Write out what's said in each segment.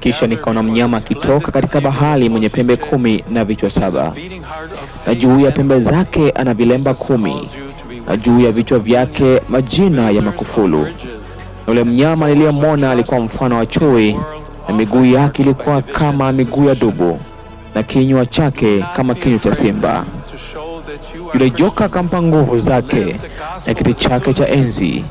Kisha nikaona mnyama akitoka katika bahari mwenye pembe kumi na vichwa saba, na juu ya pembe zake ana vilemba kumi, na juu ya vichwa vyake majina ya makufulu. Na yule mnyama niliyemwona alikuwa mfano wa chui, na miguu yake ilikuwa kama miguu ya dubu, na kinywa chake kama kinywa cha simba. Yule joka akampa nguvu zake na kiti chake cha enzi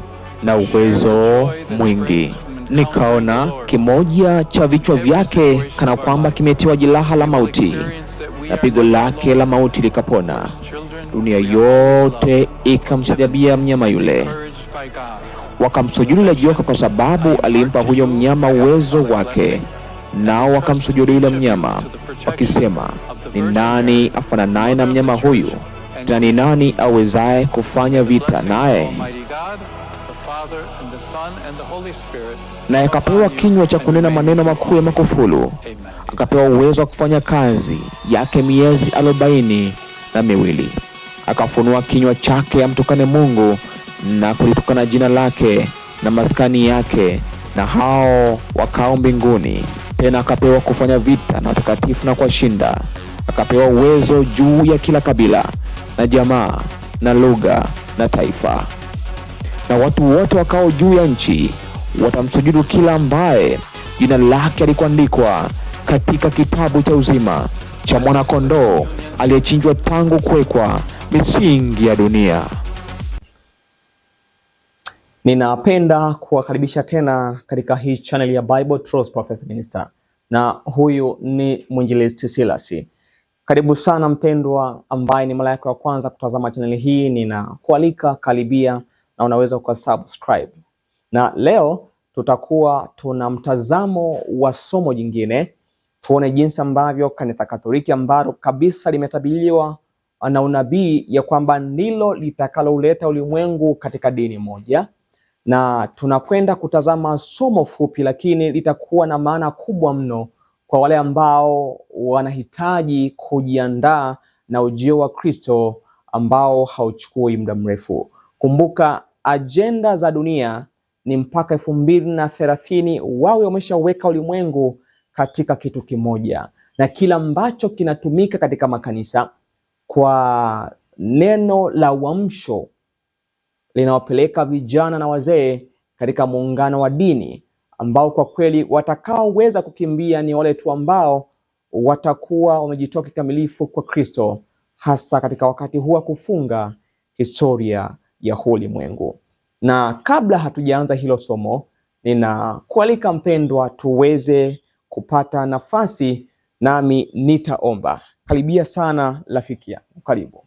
na uwezo mwingi. Nikaona kimoja cha vichwa vyake kana kwamba kimetiwa jeraha la mauti, na pigo lake la mauti likapona. Dunia yote ikamsajabia mnyama yule, wakamsujudu yule joka, kwa sababu alimpa huyo mnyama uwezo wake. Nao wakamsujudu yule mnyama wakisema, ni nani afananaye na mnyama huyu? na ni nani awezaye kufanya vita naye? naye akapewa kinywa cha kunena maneno makuu ya makufulu, akapewa uwezo wa kufanya kazi yake miezi arobaini na miwili. Akafunua kinywa chake amtukane Mungu na kulitukana jina lake na maskani yake na hao wakao mbinguni. Tena akapewa kufanya vita na watakatifu na kuwashinda. Akapewa uwezo juu ya kila kabila na jamaa na lugha na taifa na watu wote wakao juu ya nchi watamsujudu kila ambaye jina lake alikuandikwa katika kitabu cha uzima cha mwanakondoo aliyechinjwa tangu kuwekwa misingi ya dunia. Ninapenda kuwakaribisha tena katika hii channel ya Bible Trust Prophet Minister, na huyu ni mwinjilisti Silasi. Karibu sana mpendwa, ambaye ni mara yako ya kwanza kutazama chaneli hii, ninakualika karibia na unaweza ukasubscribe. Na leo tutakuwa tuna mtazamo wa somo jingine, tuone jinsi ambavyo kanisa Katoliki ambalo kabisa limetabiliwa na unabii ya kwamba ndilo litakalouleta ulimwengu katika dini moja, na tunakwenda kutazama somo fupi, lakini litakuwa na maana kubwa mno kwa wale ambao wanahitaji kujiandaa na ujio wa Kristo ambao hauchukui muda mrefu. Kumbuka ajenda za dunia ni mpaka elfu mbili na thelathini wawe wameshaweka ulimwengu katika kitu kimoja, na kila ambacho kinatumika katika makanisa kwa neno la uamsho linawapeleka vijana na wazee katika muungano wa dini ambao kwa kweli watakaoweza kukimbia ni wale tu ambao watakuwa wamejitoa kikamilifu kwa Kristo, hasa katika wakati huu wa kufunga historia ya huu ulimwengu. Na kabla hatujaanza hilo somo, ninakualika mpendwa, tuweze kupata nafasi nami nitaomba. Karibia sana rafiki yangu, karibu.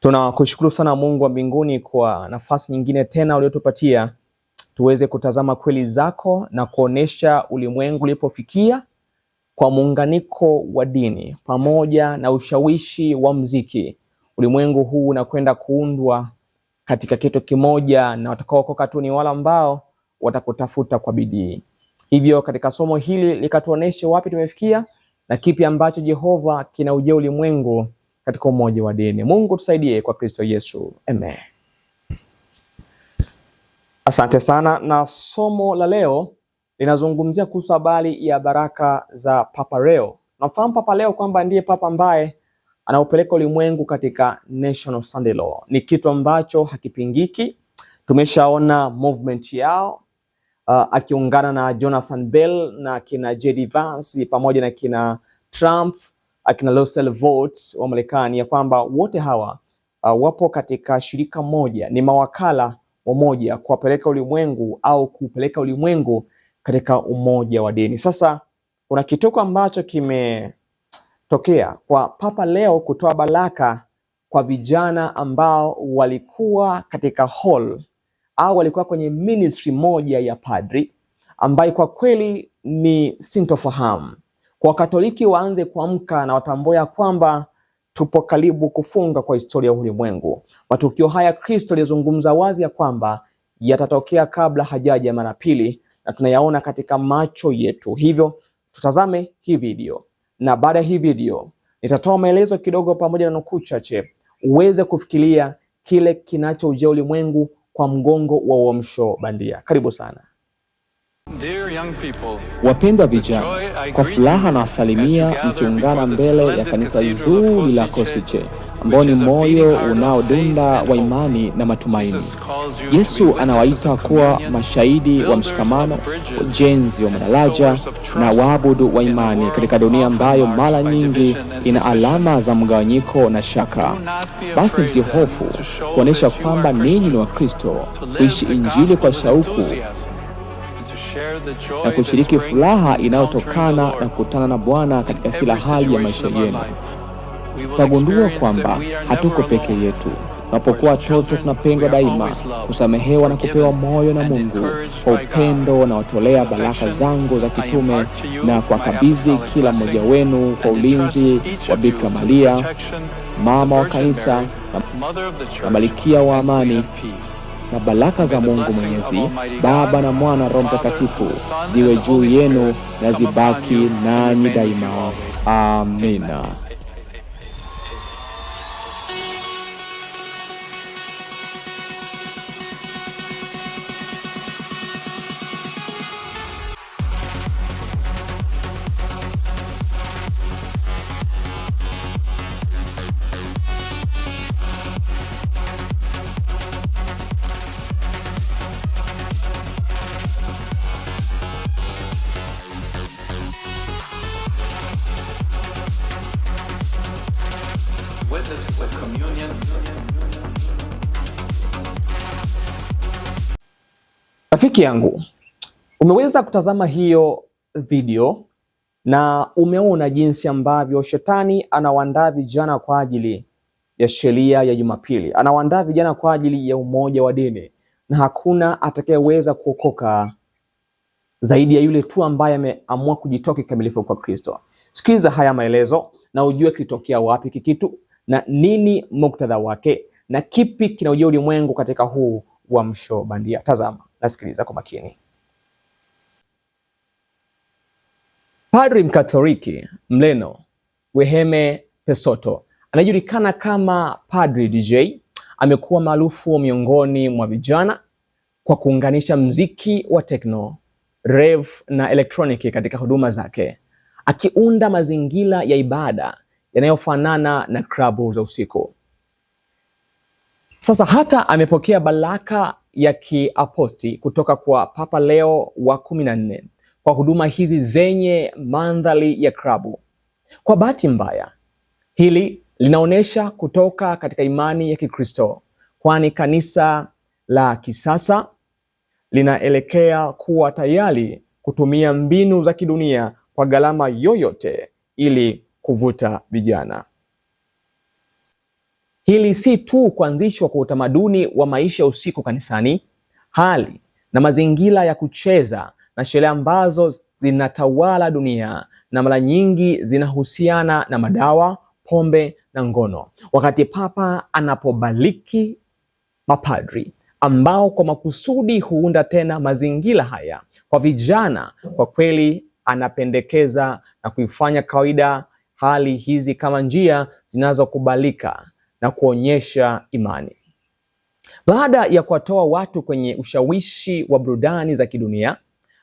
Tunakushukuru sana Mungu wa mbinguni kwa nafasi nyingine tena uliotupatia tuweze kutazama kweli zako na kuonesha ulimwengu ulipofikia kwa muunganiko wa dini pamoja na ushawishi wa mziki. Ulimwengu huu unakwenda kuundwa katika kitu kimoja, na watakaokoka tu ni wale ambao watakutafuta kwa bidii. Hivyo katika somo hili likatuoneshe wapi tumefikia na kipi ambacho Jehova kinaujia ulimwengu katika umoja wa dini. Mungu tusaidie kwa Kristo Yesu, amen. Asante sana. Na somo la leo linazungumzia kuhusu habari ya baraka za Papa Leo. Nafahamu Papa Leo kwamba ndiye papa ambaye anaopeleka ulimwengu katika National Sunday Law. Ni kitu ambacho hakipingiki. Tumeshaona movement yao uh, akiungana na Jonathan Bell na kina JD Vance pamoja na kina Trump akina Russell Vought wa Marekani, ya kwamba wote hawa uh, wapo katika shirika moja, ni mawakala wamoja kuwapeleka ulimwengu au kupeleka ulimwengu katika umoja wa dini. Sasa kuna kituko ambacho kime tokea kwa Papa Leo kutoa baraka kwa vijana ambao walikuwa katika hall au walikuwa kwenye ministry moja ya padri ambaye kwa kweli ni sintofahamu kwa Wakatoliki. Waanze kuamka na watamboya kwamba tupo karibu kufunga kwa historia ya ulimwengu. Matukio haya Kristo aliyozungumza wazi ya kwamba yatatokea kabla hajaja mara pili, na tunayaona katika macho yetu. Hivyo tutazame hii video na baada ya hii video nitatoa maelezo kidogo pamoja na nukuu chache uweze kufikiria kile kinachoujia ulimwengu kwa mgongo wa uamsho bandia. Karibu sana wapendwa vijana, kwa furaha na wasalimia mkiungana mbele ya kanisa zuri la Koseche ambao ni moyo unaodunda wa imani na matumaini. Yesu anawaita kuwa mashahidi wa mshikamano, ujenzi wa madaraja na waabudu wa imani katika dunia ambayo mara nyingi ina alama za mgawanyiko na shaka. Basi msihofu kuonyesha kwamba ninyi ni Wakristo, kuishi Injili kwa shauku na kushiriki furaha inayotokana na kukutana na Bwana katika kila hali ya maisha yenu tutagundua kwamba hatuko peke yetu. Tunapokuwa watoto tunapendwa daima, kusamehewa na kupewa moyo na Mungu. Kwa upendo nawatolea baraka zangu za kitume na kuwakabidhi kila mmoja wenu kwa ulinzi wa Bikira Maria, mama wa kanisa na malikia wa amani, na baraka za Mungu Mwenyezi, Baba na Mwana, Roho Mtakatifu ziwe juu yenu na zibaki nanyi daima. Amina. Rafiki yangu, umeweza kutazama hiyo video na umeona jinsi ambavyo shetani anawaandaa vijana kwa ajili ya sheria ya Jumapili, anawaandaa vijana kwa ajili ya umoja wa dini, na hakuna atakayeweza kuokoka zaidi ya yule tu ambaye ameamua kujitoa kikamilifu kwa Kristo. Sikiliza haya maelezo na ujue kilitokea wapi kikitu na nini muktadha wake na kipi kinaujia ulimwengu katika huu uamsho bandia. Tazama. Nasikiliza kwa makini. Padri Mkatoliki mleno Weheme Pesoto anajulikana kama Padri DJ. Amekuwa maarufu miongoni mwa vijana kwa kuunganisha mziki wa techno, rave na elektroniki katika huduma zake, akiunda mazingira ya ibada yanayofanana na klabu za usiku. Sasa hata amepokea baraka ya kiaposti kutoka kwa Papa Leo wa kumi na nne kwa huduma hizi zenye mandhari ya krabu. Kwa bahati mbaya, hili linaonyesha kutoka katika imani ya Kikristo, kwani kanisa la kisasa linaelekea kuwa tayari kutumia mbinu za kidunia kwa gharama yoyote ili kuvuta vijana. Hili si tu kuanzishwa kwa utamaduni wa maisha usiku kanisani, hali na mazingira ya kucheza na sherehe ambazo zinatawala dunia na mara nyingi zinahusiana na madawa, pombe na ngono. Wakati Papa anapobariki mapadri ambao kwa makusudi huunda tena mazingira haya kwa vijana, kwa kweli anapendekeza na kuifanya kawaida hali hizi kama njia zinazokubalika na kuonyesha imani. Baada ya kuwatoa watu kwenye ushawishi wa burudani za kidunia,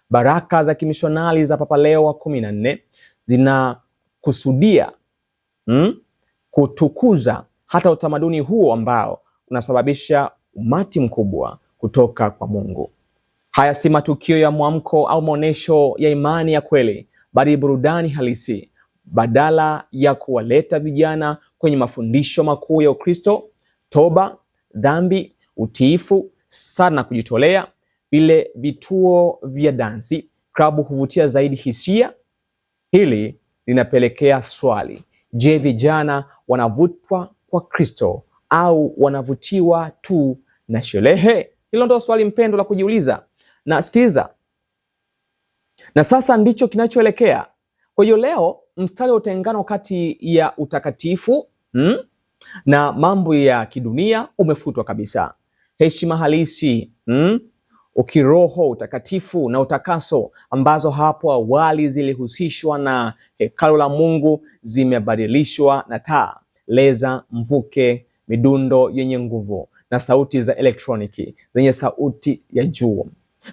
baraka za kimishonali za Papa Leo wa kumi na nne zinakusudia mm, kutukuza hata utamaduni huo ambao unasababisha umati mkubwa kutoka kwa Mungu. Haya si matukio ya mwamko au maonyesho ya imani ya kweli, bali burudani halisi. Badala ya kuwaleta vijana kwenye mafundisho makuu ya Ukristo: toba, dhambi, utiifu, sala na kujitolea. Vile vituo vya dansi klabu huvutia zaidi hisia. Hili linapelekea swali: je, vijana wanavutwa kwa Kristo au wanavutiwa tu na sherehe? Hilo ndo swali mpendo la kujiuliza na sikiliza. na sasa ndicho kinachoelekea. Kwa hiyo leo mstari wa utengano kati ya utakatifu hmm? na mambo ya kidunia umefutwa kabisa. Heshima halisi hmm? ukiroho, utakatifu na utakaso ambazo hapo awali zilihusishwa na hekalo la Mungu zimebadilishwa na taa, leza, mvuke, midundo yenye nguvu na sauti za elektroniki zenye sauti ya juu.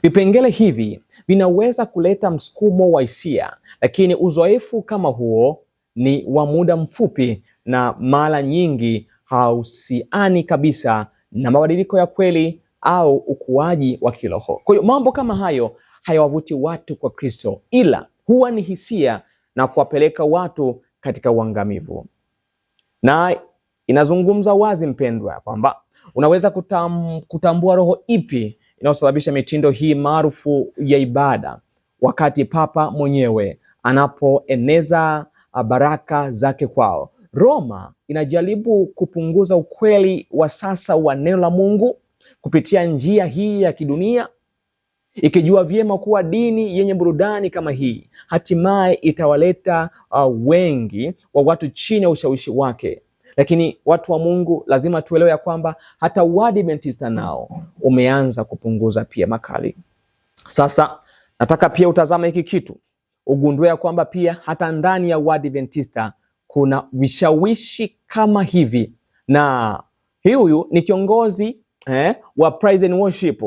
Vipengele hivi vinaweza kuleta msukumo wa hisia, lakini uzoefu kama huo ni wa muda mfupi na mara nyingi hahusiani kabisa na mabadiliko ya kweli au ukuaji wa kiroho. Kwa hiyo mambo kama hayo hayawavuti watu kwa Kristo, ila huwa ni hisia na kuwapeleka watu katika uangamivu. Na inazungumza wazi, mpendwa, kwamba unaweza kutam, kutambua roho ipi inayosababisha mitindo hii maarufu ya ibada wakati Papa mwenyewe anapoeneza ah, baraka zake kwao. Roma inajaribu kupunguza ukweli wa sasa wa neno la Mungu kupitia njia hii ya kidunia, ikijua vyema kuwa dini yenye burudani kama hii hatimaye itawaleta uh, wengi wa watu chini ya ushawishi wake. Lakini watu wa Mungu lazima tuelewe ya kwamba hata Uadventista nao umeanza kupunguza pia makali. Sasa nataka pia utazame hiki kitu ugundue ya kwamba pia hata ndani ya Uadventista kuna vishawishi kama hivi, na huyu ni kiongozi eh, wa praise and worship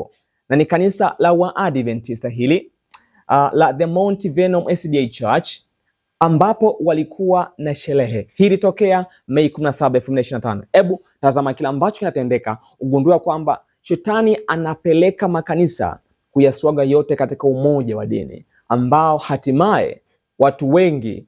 na ni kanisa la Waadventista hili uh, la the Mount Venom SDA Church ambapo walikuwa na sherehe hii. Ilitokea Mei 17, 2025. Ebu tazama kile ambacho kinatendeka, ugundua kwamba shetani anapeleka makanisa kuyaswaga yote katika umoja wa dini ambao hatimaye watu wengi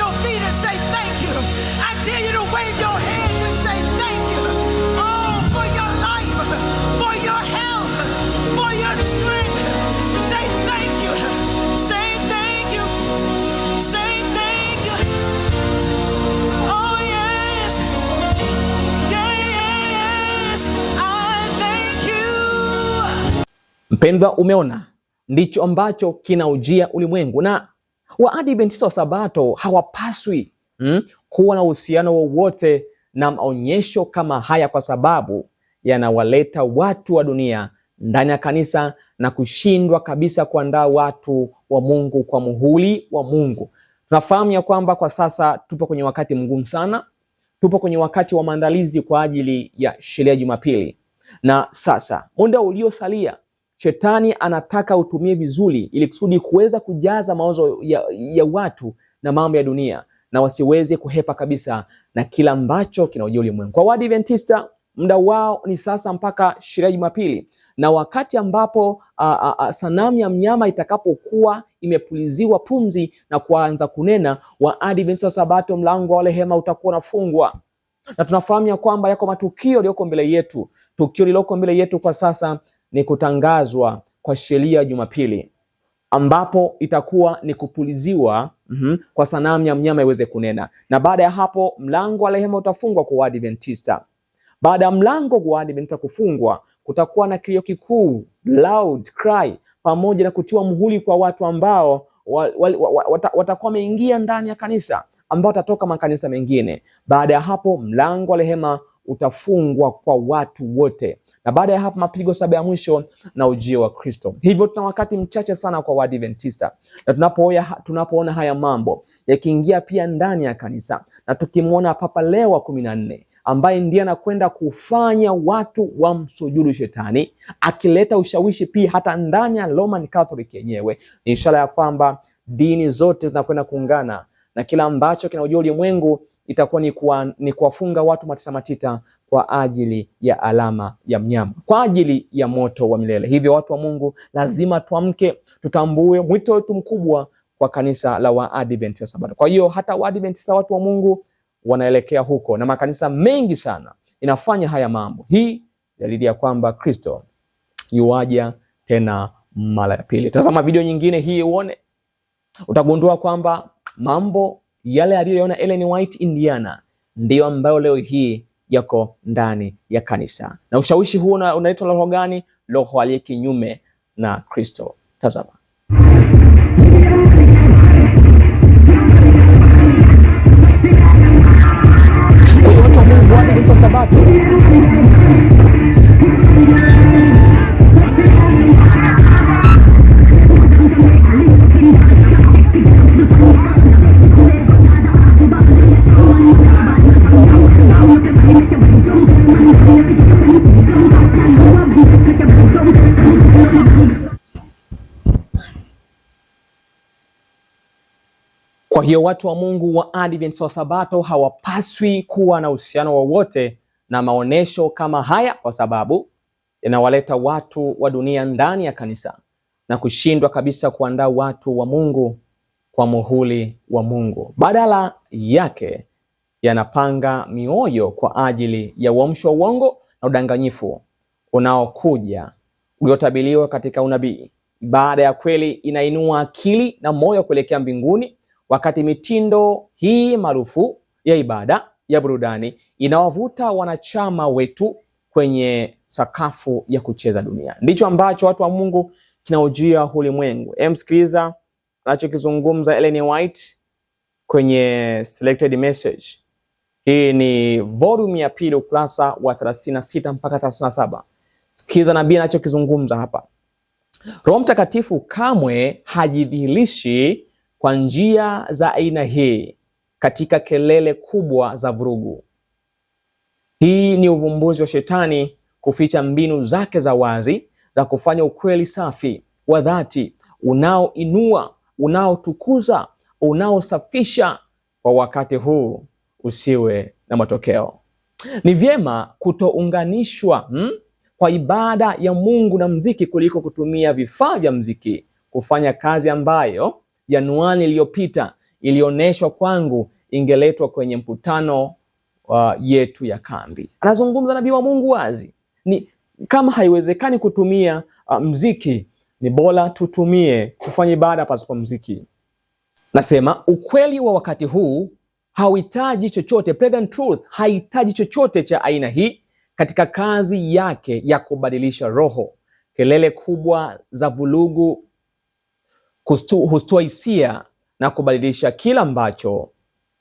Mpendwa, umeona ndicho ambacho kinaujia ulimwengu, na Waadventista wa Sabato hawapaswi mm, kuwa na uhusiano wowote na maonyesho kama haya, kwa sababu yanawaleta watu wa dunia ndani ya kanisa na kushindwa kabisa kuandaa watu wa Mungu kwa muhuri wa Mungu. Tunafahamu ya kwamba kwa sasa tupo kwenye wakati mgumu sana, tupo kwenye wakati wa maandalizi kwa ajili ya sherehe ya Jumapili, na sasa muda uliosalia Shetani anataka utumie vizuri ili kusudi kuweza kujaza mawazo ya, ya watu na mambo ya dunia na wasiweze kuhepa kabisa na kila ambacho kinaujia ulimwengu. Kwa Waadventista muda wao ni sasa mpaka sherehe ya Jumapili, na wakati ambapo a, a, sanamu ya mnyama itakapokuwa imepuliziwa pumzi na kuanza kunena, Waadventista wa Sabato mlango wa rehema utakuwa unafungwa, na tunafahamu ya kwamba yako matukio yaliyoko mbele yetu. Tukio lililoko mbele yetu kwa sasa ni kutangazwa kwa sheria Jumapili, ambapo itakuwa ni kupuliziwa mm-hmm, kwa sanamu ya mnyama iweze kunena, na baada ya hapo mlango wa rehema utafungwa kwa Waadventista. Baada ya mlango wa Waadventista kufungwa, kutakuwa na kilio kikuu, loud cry, pamoja na kutiwa muhuri kwa watu ambao watakuwa wameingia ndani ya kanisa ambao watatoka makanisa mengine. Baada ya hapo mlango wa rehema utafungwa kwa watu wote na baada ya hapo mapigo saba ya mwisho na ujio wa Kristo. Hivyo tuna wakati mchache sana kwa Waadventista, na tunapoona tunapoona haya mambo yakiingia pia ndani ya kanisa na tukimwona Papa Leo wa kumi na nne ambaye ndiye anakwenda kufanya watu wa msujudu Shetani, akileta ushawishi pia hata ndani ya Roman Catholic yenyewe, ni ishara ya kwamba dini zote zinakwenda kuungana na kila ambacho kinaujia ulimwengu itakuwa ni kuwafunga watu matita matita kwa ajili ya alama ya mnyama, kwa ajili ya moto wa milele. Hivyo watu wa Mungu lazima tuamke, tutambue mwito wetu mkubwa kwa kanisa la Waadventista Sabato. Kwa hiyo hata Waadventista watu wa Mungu wanaelekea huko, na makanisa mengi sana inafanya haya mambo. Hii dalili ya kwamba Kristo yuaja tena mara ya pili. Tazama video nyingine hii uone, utagundua kwamba mambo yale aliyoyaona Ellen White Indiana ndiyo ambayo leo hii yako ndani ya kanisa. Na ushawishi huu unaitwa roho gani? Roho aliye kinyume na Kristo. Tazama. Kwa hiyo watu wa Mungu wa Adventist wa Sabato hawapaswi kuwa na uhusiano wowote na maonyesho kama haya, kwa sababu yanawaleta watu wa dunia ndani ya kanisa na kushindwa kabisa kuandaa watu wa Mungu kwa muhuri wa Mungu. Badala yake yanapanga mioyo kwa ajili ya uamsho wa uongo na udanganyifu unaokuja uliotabiliwa katika unabii. Baada ya kweli, inainua akili na moyo kuelekea mbinguni wakati mitindo hii maarufu ya ibada ya burudani inawavuta wanachama wetu kwenye sakafu ya kucheza dunia. Ndicho ambacho watu wa Mungu kinaojia ulimwengu. Hem, anachokizungumza Ellen White kwenye Selected Message. Hii ni volume ya pili ukurasa wa 36 mpaka 37. Sikiliza nabii anachokizungumza hapa. Roho Mtakatifu kamwe hajidhihirishi kwa njia za aina hii katika kelele kubwa za vurugu. Hii ni uvumbuzi wa shetani kuficha mbinu zake za wazi za kufanya ukweli safi wa dhati unaoinua, unaotukuza, unaosafisha kwa wakati huu usiwe na matokeo. Ni vyema kutounganishwa hmm, kwa ibada ya Mungu na mziki kuliko kutumia vifaa vya mziki kufanya kazi ambayo Januari iliyopita ilionyeshwa kwangu ingeletwa kwenye mkutano uh, yetu ya kambi. Anazungumza nabii wa Mungu wazi, ni kama haiwezekani kutumia uh, mziki, ni bora tutumie kufanya ibada pasipo mziki. Nasema ukweli wa wakati huu hauhitaji chochote, pagan truth haihitaji chochote cha aina hii katika kazi yake ya kubadilisha roho. Kelele kubwa za vulugu hustua hisia na kubadilisha kila ambacho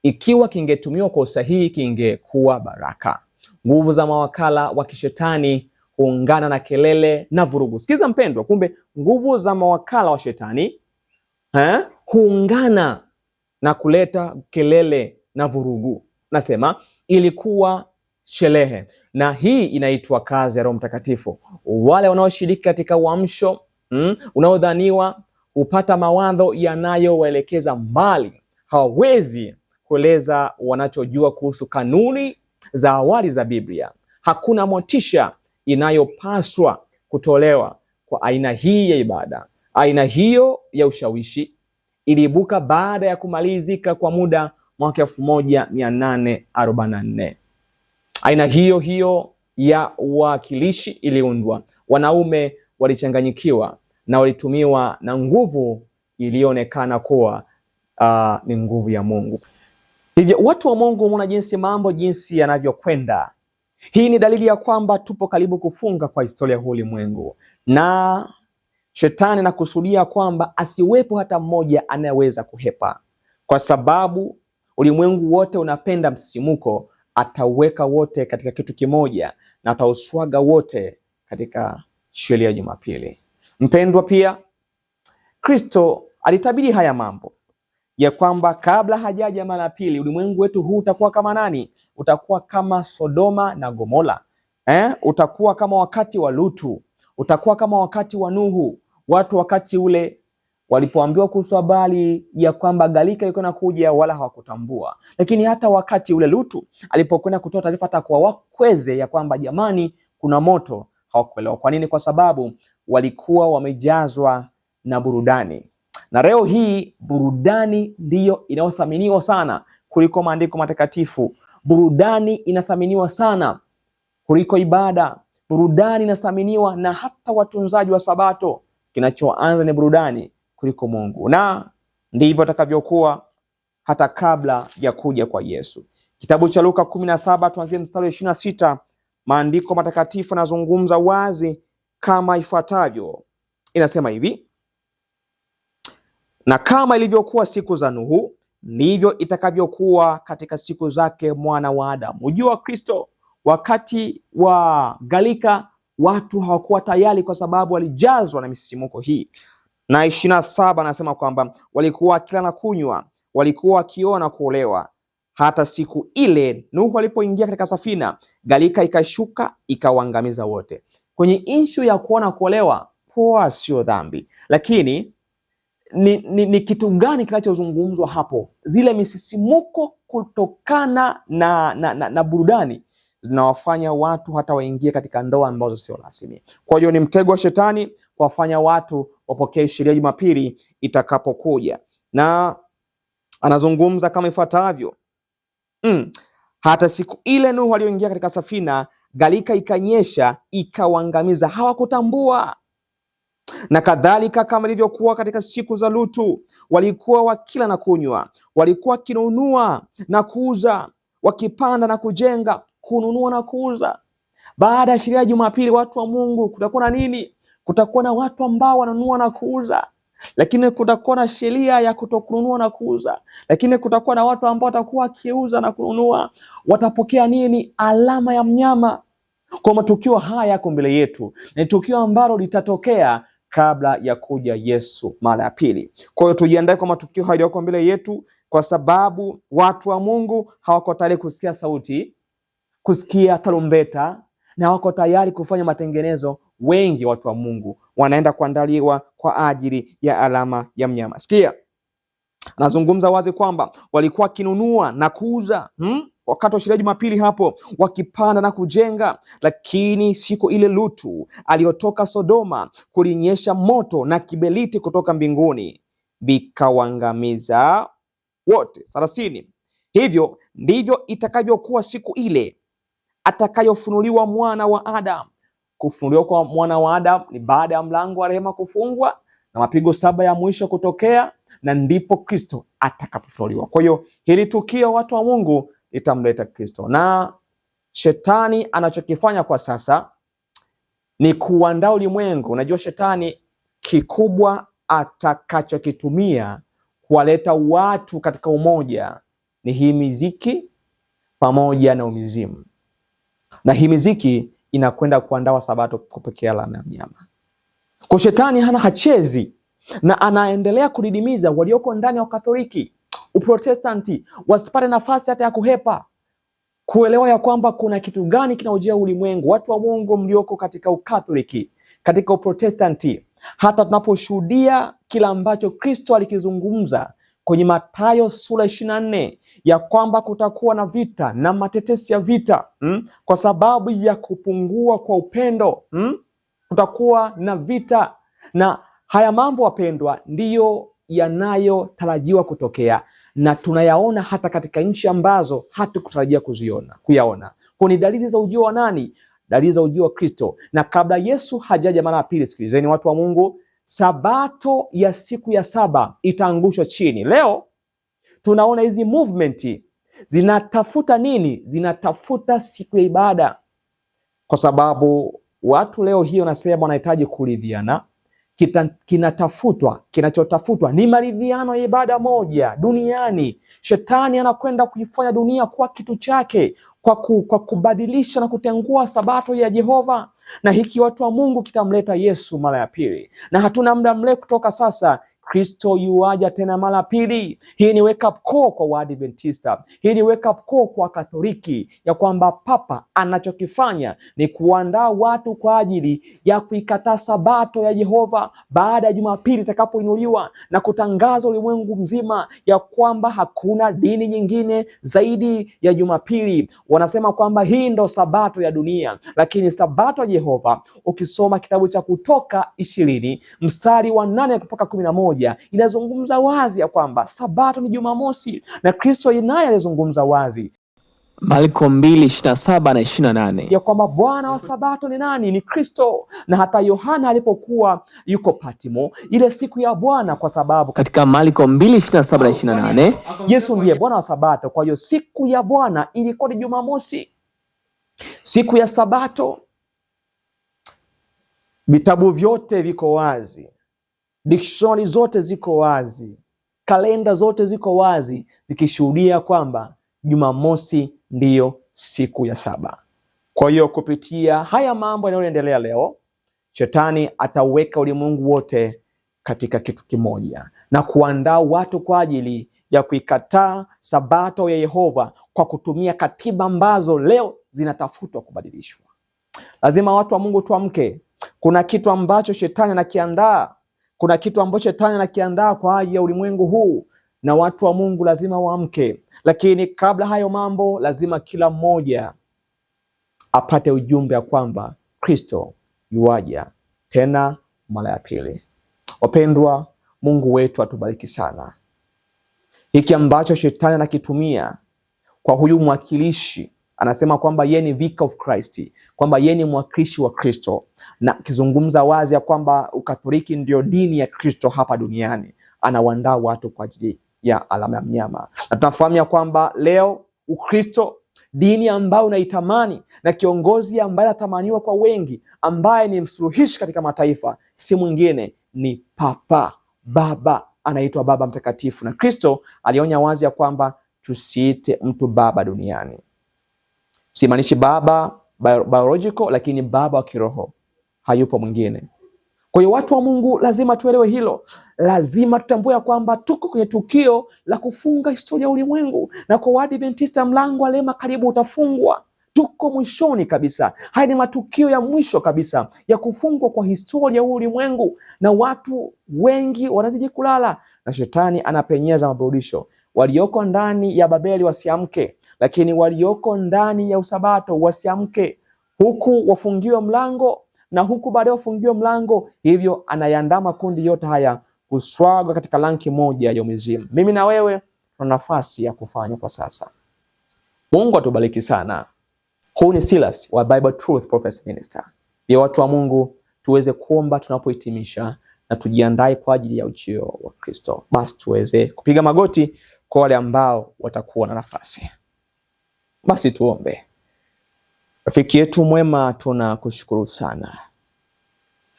ikiwa kingetumiwa kwa usahihi kingekuwa baraka. Nguvu za mawakala wa kishetani huungana na kelele na vurugu. Sikiza mpendwa, kumbe nguvu za mawakala wa shetani huungana na kuleta kelele na vurugu. Nasema ilikuwa sherehe, na hii inaitwa kazi ya Roho Mtakatifu. Wale wanaoshiriki katika uamsho mm, unaodhaniwa hupata mawazo yanayowaelekeza mbali, hawawezi kueleza wanachojua kuhusu kanuni za awali za Biblia. Hakuna motisha inayopaswa kutolewa kwa aina hii ya ibada. Aina hiyo ya ushawishi iliibuka baada ya kumalizika kwa muda mwaka nne. Aina hiyo hiyo ya uwakilishi iliundwa, wanaume walichanganyikiwa na walitumiwa na nguvu iliyoonekana kuwa uh, ni nguvu ya Mungu. Hivyo watu wa Mungu, umeona jinsi mambo jinsi yanavyokwenda. Hii ni dalili ya kwamba tupo karibu kufunga kwa historia ya ulimwengu, na shetani anakusudia kwamba asiwepo hata mmoja anayeweza kuhepa, kwa sababu ulimwengu wote unapenda msimuko. Ataweka wote katika kitu kimoja na atauswaga wote katika sheria ya Jumapili. Mpendwa, pia Kristo alitabiri haya mambo ya kwamba kabla hajaja mara ya pili ulimwengu wetu huu utakuwa kama nani? Utakuwa kama Sodoma na Gomora eh? Utakuwa kama wakati wa Lutu, utakuwa kama wakati wa Nuhu. Watu wakati ule walipoambiwa kuhusu habari ya kwamba gharika ilikuwa inakuja, wala hawakutambua. Lakini hata wakati ule Lutu alipokwenda kutoa taarifa hata kwa wakweze ya kwamba jamani, kuna moto, hawakuelewa. Kwa nini? Kwa sababu walikuwa wamejazwa na burudani, na leo hii burudani ndiyo inayothaminiwa sana kuliko maandiko matakatifu. Burudani inathaminiwa sana kuliko ibada. Burudani inathaminiwa na hata watunzaji wa Sabato. Kinachoanza ni burudani kuliko Mungu, na ndivyo atakavyokuwa hata kabla ya kuja kwa Yesu. Kitabu cha Luka kumi na saba tuanzie mstari wa ishirini na sita maandiko matakatifu yanazungumza wazi kama ifuatavyo. Inasema hivi: na kama ilivyokuwa siku za Nuhu, ndivyo itakavyokuwa katika siku zake mwana wa Adamu. Ujua Kristo, wakati wa gharika watu hawakuwa tayari, kwa sababu walijazwa na misisimuko hii. Na ishirini na saba anasema kwamba walikuwa kila na kunywa, walikuwa wakiona kuolewa hata siku ile Nuhu alipoingia katika safina, galika ikashuka ikawaangamiza wote. Kwenye inshu ya kuona kuolewa, poa sio dhambi, lakini ni, ni, ni kitu gani kinachozungumzwa hapo? Zile misisimuko kutokana na, na, na, na burudani zinawafanya watu hata waingie katika ndoa ambazo sio rasmi. Kwa hiyo ni mtego wa shetani kuwafanya watu wapokee sheria Jumapili itakapokuja, na anazungumza kama ifuatavyo mm. Hata siku ile Nuhu aliyoingia katika safina galika ikanyesha ikawangamiza hawakutambua. Na kadhalika kama ilivyokuwa katika siku za Lutu, walikuwa wakila na kunywa, walikuwa wakinunua na kuuza, wakipanda na kujenga, kununua na kuuza. Baada ya sheria ya Jumapili, watu wa Mungu, kutakuwa na nini? Kutakuwa na watu ambao wananunua na kuuza lakini kutakuwa na sheria ya kutokununua na kuuza, lakini kutakuwa na watu ambao watakuwa wakiuza na kununua. Watapokea nini? Alama ya mnyama. Kwa matukio haya yako mbele yetu, ni tukio ambalo litatokea kabla ya kuja Yesu mara ya pili. Kwa hiyo tujiandae kwa matukio haya yako mbele yetu, kwa sababu watu wa Mungu hawako tayari kusikia sauti, kusikia tarumbeta, na wako tayari kufanya matengenezo. Wengi watu wa Mungu wanaenda kuandaliwa kwa ajili ya alama ya mnyama. Sikia, anazungumza wazi kwamba walikuwa wakinunua na kuuza hmm? wakati wa sherehe Jumapili hapo wakipanda na kujenga, lakini siku ile Lutu aliyotoka Sodoma kulinyesha moto na kiberiti kutoka mbinguni vikawangamiza wote thelathini. Hivyo ndivyo itakavyokuwa siku ile atakayofunuliwa mwana wa Adamu kufunuliwa kwa mwana wa Adamu ni baada ya mlango wa rehema kufungwa na mapigo saba ya mwisho kutokea, na ndipo Kristo atakapofunuliwa. Kwa hiyo hili tukio, watu wa Mungu, litamleta Kristo, na shetani anachokifanya kwa sasa ni kuandaa ulimwengu. Unajua, shetani kikubwa atakachokitumia kuwaleta watu katika umoja ni hii miziki pamoja na umizimu, na hii miziki inakwenda kuandawa sabato kwa pekee ya mnyama. Kwa shetani hana hachezi na anaendelea kudidimiza walioko ndani ya Katoliki, Uprotestanti wasipate nafasi hata ya kuhepa kuelewa ya kwamba kuna kitu gani kinaojea ulimwengu. Watu wa Mungu mlioko katika Ukatholiki, katika Uprotestanti, hata tunaposhuhudia kila ambacho Kristo alikizungumza kwenye Mathayo sura ishirini na nne ya kwamba kutakuwa na vita na matetesi ya vita mm? kwa sababu ya kupungua kwa upendo mm? kutakuwa na vita na haya mambo wapendwa, ndiyo yanayotarajiwa kutokea na tunayaona hata katika nchi ambazo hatukutarajia kuziona kuyaona. Kwa ni dalili za ujio wa nani? Dalili za ujio wa Kristo. Na kabla Yesu hajaja mara ya pili, sikilizeni watu wa Mungu, sabato ya siku ya saba itaangushwa chini. Leo tunaona hizi movement zinatafuta nini? Zinatafuta siku ya ibada, kwa sababu watu leo hiyo nasema wanahitaji kuridhiana kinatafutwa, kinachotafutwa ni maridhiano ya ibada moja duniani. Shetani anakwenda kuifanya dunia kuwa kitu chake kwa, ku, kwa kubadilisha na kutengua sabato ya Jehova, na hiki watu wa Mungu kitamleta Yesu mara ya pili, na hatuna muda mrefu kutoka sasa Kristo yuaja tena mara pili. Hii ni wake up call kwa Waadventista, hii ni wake up call kwa Katoliki ya kwamba Papa anachokifanya ni kuandaa watu kwa ajili ya kuikataa Sabato ya Yehova baada ya Jumapili itakapoinuliwa na kutangaza ulimwengu mzima ya kwamba hakuna dini nyingine zaidi ya Jumapili. Wanasema kwamba hii ndo Sabato ya dunia, lakini Sabato ya Yehova, ukisoma kitabu cha Kutoka ishirini mstari wa nane mpaka kumi na moja moja inazungumza wazi ya kwamba sabato ni Jumamosi, na Kristo naye alizungumza wazi Marko 2:27 na 28 ya kwamba Bwana wa sabato ni nani? Ni Kristo. Na hata Yohana alipokuwa yuko Patmo ile siku ya Bwana, kwa sababu katika Marko 2:27 na 28 Yesu ndiye Bwana wa sabato. Kwa hiyo siku ya Bwana ilikuwa ni Jumamosi, siku ya sabato. Vitabu vyote viko wazi dictionary zote ziko wazi, kalenda zote ziko wazi zikishuhudia kwamba Jumamosi ndiyo siku ya saba. Kwa hiyo kupitia haya mambo yanayoendelea leo, shetani ataweka ulimwengu wote katika kitu kimoja na kuandaa watu kwa ajili ya kuikataa sabato ya Yehova kwa kutumia katiba ambazo leo zinatafutwa kubadilishwa. Lazima watu wa Mungu tuamke. Kuna kitu ambacho shetani anakiandaa kuna kitu ambacho shetani anakiandaa kwa ajili ya ulimwengu huu, na watu wa Mungu lazima waamke. Lakini kabla hayo mambo, lazima kila mmoja apate ujumbe ya kwamba Kristo yuaja tena mara ya pili. Wapendwa, Mungu wetu atubariki sana. Hiki ambacho shetani anakitumia kwa huyu mwakilishi, anasema kwamba yeye ni vicar of Christ, kwamba yeye ni mwakilishi wa Kristo na akizungumza wazi ya kwamba Ukatoliki ndio dini ya Kristo hapa duniani. Anawaandaa watu kwa ajili ya alama ya mnyama, na tunafahamu ya kwamba leo Ukristo dini ambayo unaitamani na kiongozi ambaye anatamaniwa kwa wengi, ambaye ni msuluhishi katika mataifa, si mwingine ni Papa, Baba anaitwa Baba Mtakatifu, na Kristo alionya wazi ya kwamba tusiite mtu baba duniani, simaanishi baba biological, lakini baba wa kiroho hayupo mwingine. Kwa hiyo watu wa Mungu lazima tuelewe hilo, lazima tutambue ya kwamba tuko kwenye tukio la kufunga historia ya ulimwengu, na kwa Waadventista mlango wa rehema karibu utafungwa. Tuko mwishoni kabisa. Haya ni matukio ya mwisho kabisa ya kufungwa kwa historia ya ulimwengu, na watu wengi wanazidi kulala na shetani anapenyeza maburudisho. Walioko ndani ya Babeli wasiamke, lakini walioko ndani ya usabato wasiamke, huku wafungiwe mlango na huku baadaye ufungiwe mlango. Hivyo anayandaa makundi yote haya kuswaga katika lanki moja ya umizimu. Mimi na wewe tuna nafasi ya kufanya kwa sasa. Mungu atubariki sana. Huu ni Silas wa Bible Truth Prophecy Minister. Pia watu wa Mungu tuweze kuomba tunapohitimisha na tujiandae kwa ajili ya ujio wa Kristo. Basi tuweze kupiga magoti kwa wale ambao watakuwa na nafasi. Basi tuombe. Rafiki yetu mwema, tunakushukuru sana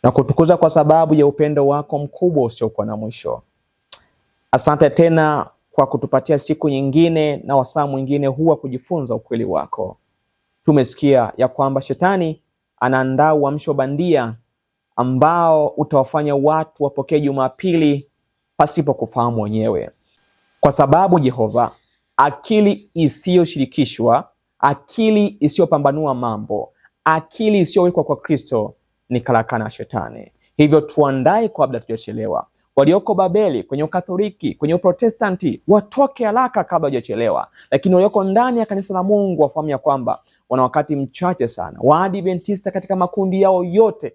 na kutukuza kwa sababu ya upendo wako mkubwa usiokuwa na mwisho. Asante tena kwa kutupatia siku nyingine na wasaa mwingine huwa kujifunza ukweli wako. Tumesikia ya kwamba shetani anaandaa uamsho bandia ambao utawafanya watu wapokee Jumapili pasipo kufahamu wenyewe, kwa sababu Jehova, akili isiyoshirikishwa Akili isiyopambanua mambo, akili isiyowekwa kwa Kristo ni karakana ya Shetani. Hivyo tuandae kabla tujachelewa. Walioko Babeli, kwenye Ukatholiki, kwenye Uprotestanti watoke haraka kabla hajachelewa, lakini walioko ndani ya kanisa la Mungu wafahamu ya kwamba wana wakati mchache sana. Waadventista katika makundi yao yote,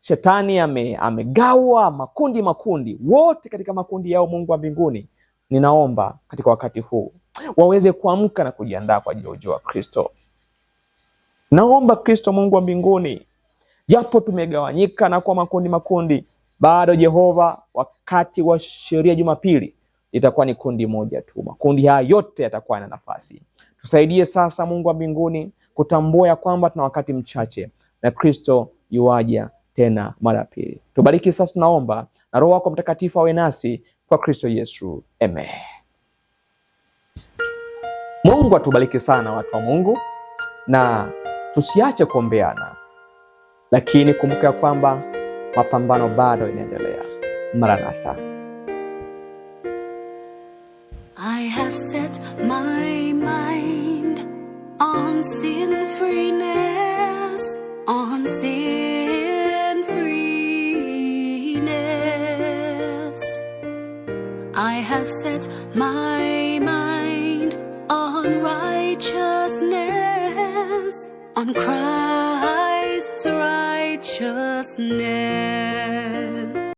shetani ame, amegawa makundi makundi, wote katika makundi yao Mungu wa mbinguni. Ninaomba katika wakati huu waweze kuamka na kujiandaa kwa ajili ya ujio wa Kristo. Naomba Kristo Mungu wa mbinguni, japo tumegawanyika na kwa makundi makundi, bado Jehova, wakati wa sheria Jumapili itakuwa ni kundi moja tu. Makundi haya yote yatakuwa na nafasi. Tusaidie sasa, Mungu wa mbinguni, kutambua ya kwamba tuna wakati mchache na Kristo yuaja tena mara pili. Tubariki sasa, tunaomba na Roho wako Mtakatifu awe nasi kwa Kristo Yesu, amen. Mungu atubariki sana watu wa Mungu, na tusiache kuombeana, lakini kumbuka ya kwamba mapambano bado inaendelea. Maranatha. I have set my mind on sin freeness, on sin freeness. I have set my on Christ's righteousness.